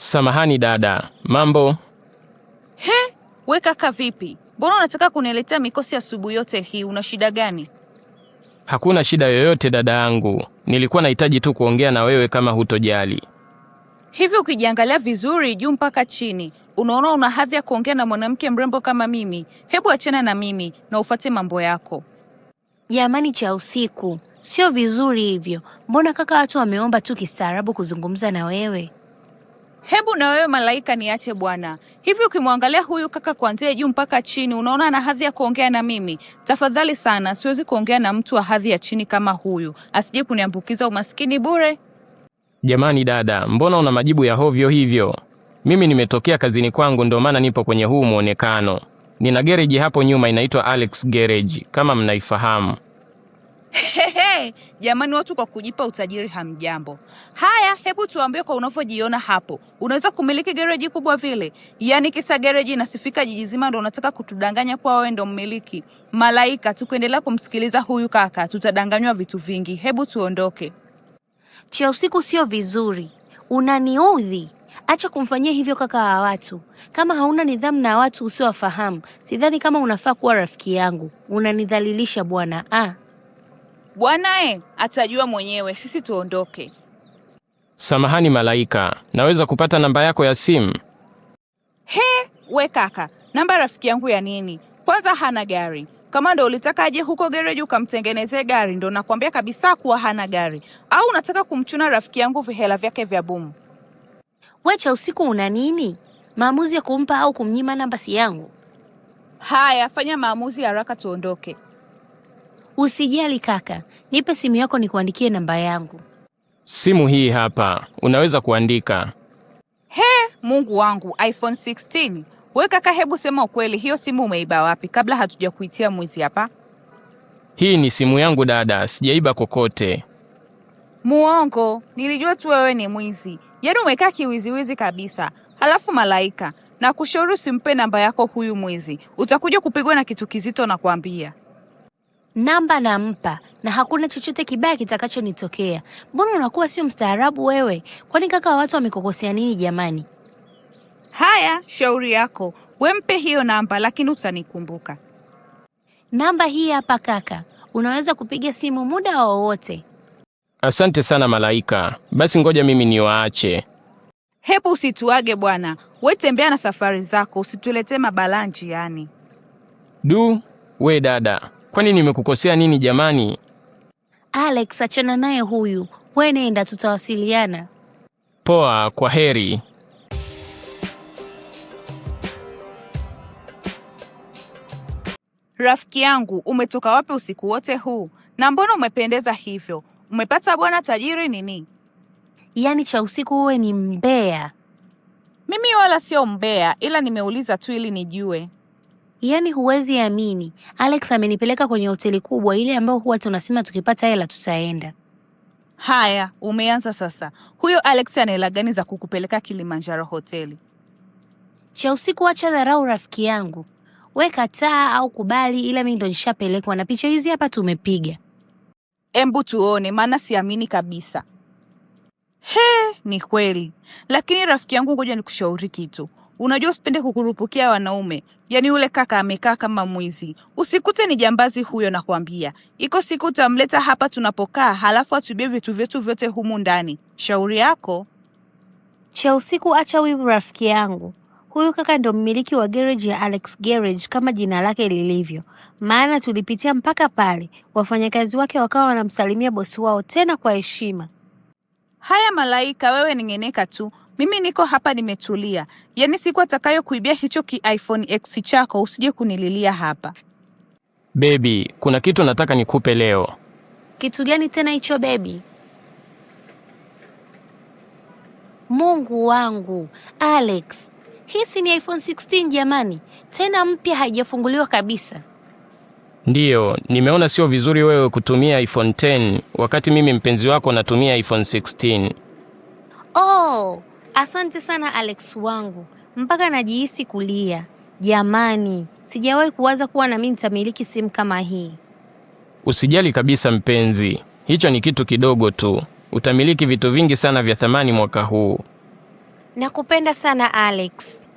Samahani dada, mambo? He, we kaka vipi? Mbona unataka kuniletea mikosi asubuhi yote hii? Una shida gani? Hakuna shida yoyote dada yangu, nilikuwa nahitaji tu kuongea na wewe kama hutojali. Hivi ukijiangalia vizuri juu mpaka chini, unaona una hadhi ya kuongea na mwanamke mrembo kama mimi? Hebu achana na mimi na ufate mambo yako. Jamani, cha usiku sio vizuri hivyo. Mbona kaka, watu wameomba tu kistaarabu kuzungumza na wewe. Hebu na wewe malaika niache bwana. Hivi ukimwangalia huyu kaka kuanzia juu mpaka chini, unaona ana hadhi ya kuongea na mimi? Tafadhali sana, siwezi kuongea na mtu wa hadhi ya chini kama huyu, asije kuniambukiza umaskini bure. Jamani dada, mbona una majibu ya hovyo hivyo? Mimi nimetokea kazini kwangu, ndio maana nipo kwenye huu mwonekano. Nina gereji hapo nyuma inaitwa Alex Gereji, kama mnaifahamu. Hehehe, jamani watu kwa kujipa utajiri hamjambo. Haya, hebu tuambie kwa unavyojiona hapo. Unaweza kumiliki gereji kubwa vile? Yaani kisa gereji inasifika jiji zima ndio unataka kutudanganya kwa wewe ndio mmiliki. Malaika, tukiendelea kumsikiliza huyu kaka, tutadanganywa vitu vingi. Hebu tuondoke. Cha usiku sio vizuri. Unaniudhi. Acha kumfanyia hivyo kaka wa watu. Kama hauna nidhamu na watu usiowafahamu, sidhani kama unafaa kuwa rafiki yangu. Unanidhalilisha bwana. Ah. Bwanaye eh, atajua mwenyewe, sisi tuondoke. Samahani Malaika, naweza kupata namba yako ya simu? He, we kaka, namba rafiki yangu ya nini? Kwanza hana gari. Kama ndo ulitaka aje huko gereji ukamtengenezee gari, ndo nakwambia kabisa kuwa hana gari. Au unataka kumchuna rafiki yangu vihela vyake vya bumu? Wecha usiku una nini? Maamuzi ya kumpa au kumnyima namba si yangu. Haya, fanya maamuzi haraka, tuondoke. Usijali kaka, nipe simu yako nikuandikie namba yangu. Simu hii hapa, unaweza kuandika. He, Mungu wangu, iPhone 16. Wewe kaka, hebu sema ukweli, hiyo simu umeiba wapi kabla hatujakuitia mwizi hapa? Hii ni simu yangu dada, sijaiba kokote. Muongo, nilijua tu wewe ni mwizi. Yaani umekaa kiwiziwizi kabisa. Halafu Malaika, na kushauri usimpe namba yako huyu mwizi, utakuja kupigwa na kitu kizito na kuambia namba nampa na hakuna chochote kibaya kitakachonitokea. Mbona unakuwa sio mstaarabu wewe? Kwani kaka wa watu wamekukosea nini jamani? Haya, shauri yako. Wempe hiyo namba, lakini utanikumbuka. Namba hii hapa kaka, unaweza kupiga simu muda wowote. Asante sana Malaika. Basi ngoja mimi niwaache. Hebu usituage bwana, we tembea na safari zako, usituletee mabalaa njiani. Du we dada, Kwani nimekukosea nini jamani? Alex, achana naye huyu, we nenda, tutawasiliana. Poa, kwa heri. Rafiki yangu, umetoka wapi usiku wote huu? Na mbona umependeza hivyo? Umepata bwana tajiri nini? Yaani cha usiku wewe ni mbea? Mimi wala sio mbea, ila nimeuliza tu ili nijue. Yaani huwezi amini, Alex amenipeleka kwenye hoteli kubwa ile ambayo huwa tunasema tukipata hela tutaenda. Haya, umeanza sasa. Huyo Alex ana hela gani za kukupeleka Kilimanjaro hoteli? Cha usiku, acha dharau rafiki yangu, we kataa au kubali, ila mimi ndo nishapelekwa na picha hizi hapa tumepiga. Embu tuone, maana siamini kabisa. He, ni kweli. Lakini rafiki yangu, ngoja nikushauri kitu Unajua usipende kukurupukia wanaume. Yaani ule kaka amekaa kama mwizi. Usikute ni jambazi huyo nakwambia. Iko siku utamleta hapa tunapokaa halafu atubie vitu vyetu vyote humu ndani. Shauri yako. Cha usiku acha wivu rafiki yangu. Huyu kaka ndo mmiliki wa garage ya Alex Garage kama jina lake lilivyo, maana tulipitia mpaka pale wafanyakazi wake wakawa wanamsalimia bosi wao tena kwa heshima. Haya Malaika, wewe ningeneka tu, mimi niko hapa nimetulia, yaani siku atakayokuibia hicho ki iPhone X chako usije kunililia hapa. Bebi, kuna kitu nataka nikupe leo. Kitu gani tena hicho bebi? Mungu wangu Alex, hii ni iPhone 16 jamani, tena mpya, haijafunguliwa kabisa. Ndiyo, nimeona sio vizuri wewe kutumia iPhone 10 wakati mimi mpenzi wako natumia iPhone 16. Oh, Asante sana Alex wangu, mpaka najihisi kulia. Jamani, sijawahi kuwaza kuwa na mimi nitamiliki simu kama hii. Usijali kabisa mpenzi, hicho ni kitu kidogo tu. Utamiliki vitu vingi sana vya thamani mwaka huu. Nakupenda sana Alex.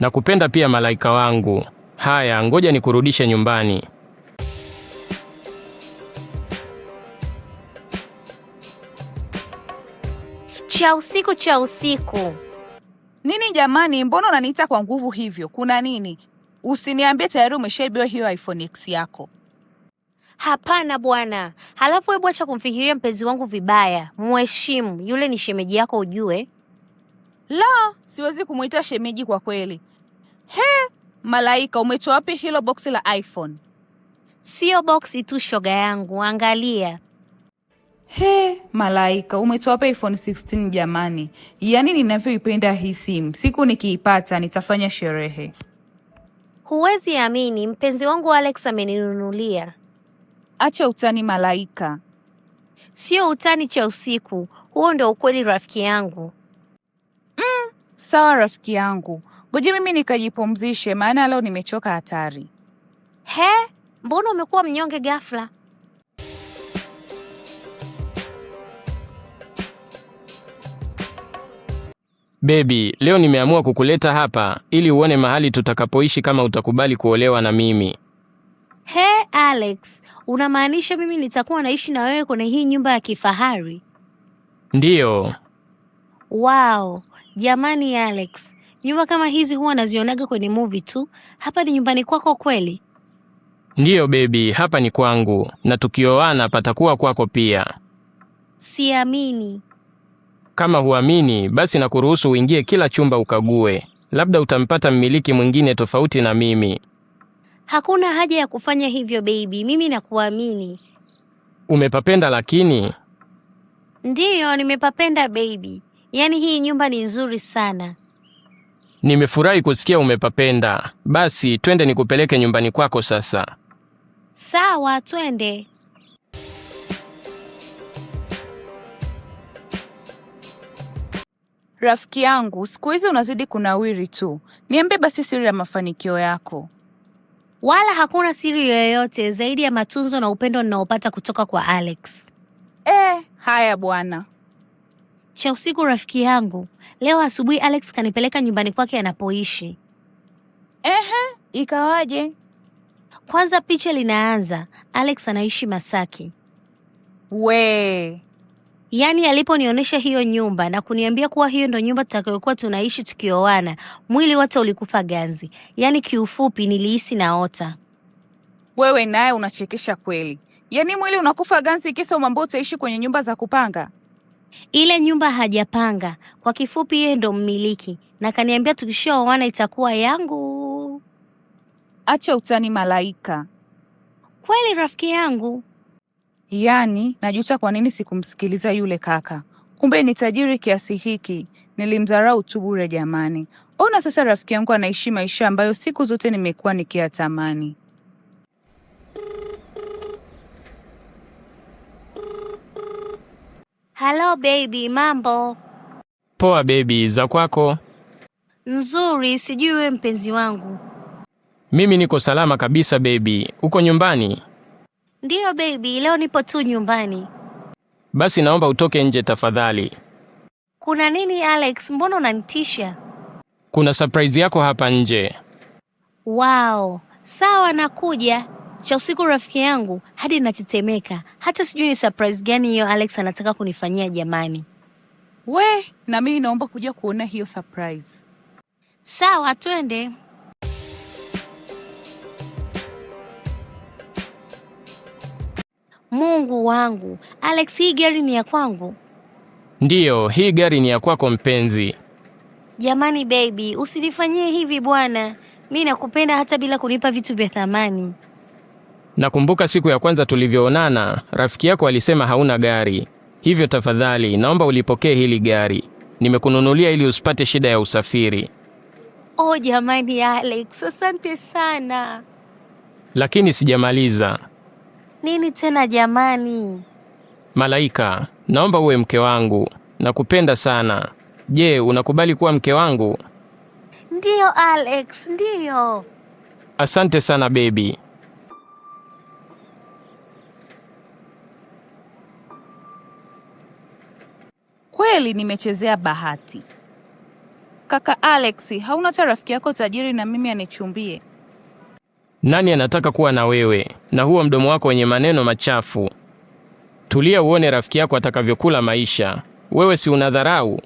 Nakupenda pia malaika wangu. Haya, ngoja nikurudishe nyumbani. cha usiku cha usiku. Nini jamani, mbona unaniita kwa nguvu hivyo? Kuna nini? Usiniambie tayari umeshaibiwa hiyo iPhone X yako. Hapana bwana. Halafu hebu acha kumfikiria mpenzi wangu vibaya, mheshimu. Yule ni shemeji yako ujue. La, siwezi kumwita shemeji kwa kweli. He, Malaika, umetoa wapi hilo boksi la iPhone? Siyo boksi tu shoga yangu, angalia. He, malaika umetuapa iPhone 16 jamani! Yaani ninavyoipenda hii simu, siku nikiipata nitafanya sherehe. Huwezi amini, mpenzi wangu Alex ameninunulia. Acha utani malaika, sio utani cha usiku, huo ndio ukweli rafiki yangu. Mm, sawa rafiki yangu, ngoja mimi nikajipumzishe, maana leo nimechoka hatari. He, mbona umekuwa mnyonge ghafla? Bebi, leo nimeamua kukuleta hapa ili uone mahali tutakapoishi kama utakubali kuolewa na mimi. He, Alex, unamaanisha mimi nitakuwa naishi na wewe kwenye hii nyumba ya kifahari? Ndiyo. Wow, jamani Alex, nyumba kama hizi huwa nazionaga kwenye movie tu. Hapa ni nyumbani kwako kweli? Ndiyo bebi, hapa ni kwangu na tukioana patakuwa kwako pia. Siamini. Kama huamini, basi na kuruhusu uingie kila chumba ukague, labda utampata mmiliki mwingine tofauti na mimi. Hakuna haja ya kufanya hivyo baby, mimi nakuamini. Umepapenda lakini? Ndiyo, nimepapenda baby. Yaani hii nyumba ni nzuri sana. Nimefurahi kusikia umepapenda. Basi twende nikupeleke nyumbani kwako sasa. Sawa, twende. Rafiki yangu, siku hizi unazidi kunawiri tu. Niambie basi siri ya mafanikio yako. Wala hakuna siri yoyote zaidi ya matunzo na upendo ninaopata kutoka kwa Alex. Eh, haya bwana. Cha usiku rafiki yangu, leo asubuhi Alex kanipeleka nyumbani kwake anapoishi. Ehe, ikawaje? Kwanza picha linaanza, Alex anaishi Masaki. We, Yaani aliponionyesha hiyo nyumba na kuniambia kuwa hiyo ndo nyumba tutakayokuwa tunaishi tukioana, mwili wote ulikufa ganzi. Yaani kiufupi nilihisi naota. Wewe naye unachekesha kweli. Yaani mwili unakufa ganzi kisa umeambiwa utaishi kwenye nyumba za kupanga? Ile nyumba hajapanga. Kwa kifupi, yeye ndo mmiliki na kaniambia tukishaoana itakuwa yangu. Acha utani, Malaika. Kweli rafiki yangu. Yaani, najuta kwa nini sikumsikiliza yule kaka. Kumbe ni tajiri kiasi hiki, nilimdharau tu bure jamani. Ona sasa rafiki yangu anaishi maisha ambayo siku zote nimekuwa nikiyatamani. Halo baby, mambo? Poa baby, za kwako? Nzuri, sijui wewe mpenzi wangu. Mimi niko salama kabisa baby. Uko nyumbani? Ndiyo baby, leo nipo tu nyumbani. Basi naomba utoke nje tafadhali. Kuna nini Alex? Mbona unanitisha? Kuna surprise yako hapa nje. Wow, sawa nakuja. Cha usiku rafiki yangu hadi natetemeka, hata sijui ni surprise gani hiyo Alex anataka kunifanyia jamani. We, na mimi naomba kuja kuona hiyo surprise. Sawa, twende. Mungu wangu, Alex, hii gari ni ya kwangu? Ndiyo, hii gari ni ya kwako mpenzi. Jamani baby, usinifanyie hivi bwana. Mi nakupenda hata bila kunipa vitu vya thamani. Nakumbuka siku ya kwanza tulivyoonana, rafiki yako alisema hauna gari, hivyo tafadhali naomba ulipokee hili gari, nimekununulia ili usipate shida ya usafiri. Oh jamani Alex, asante sana. Lakini sijamaliza. Nini tena jamani? Malaika, naomba uwe mke wangu, nakupenda sana. Je, unakubali kuwa mke wangu? Ndiyo Alex, ndiyo. Asante sana bebi. Kweli nimechezea bahati. Kaka Alex, hauna hata rafiki yako tajiri na mimi anichumbie? Nani anataka kuwa na wewe na huo mdomo wako wenye maneno machafu? Tulia uone rafiki yako atakavyokula maisha. Wewe si unadharau?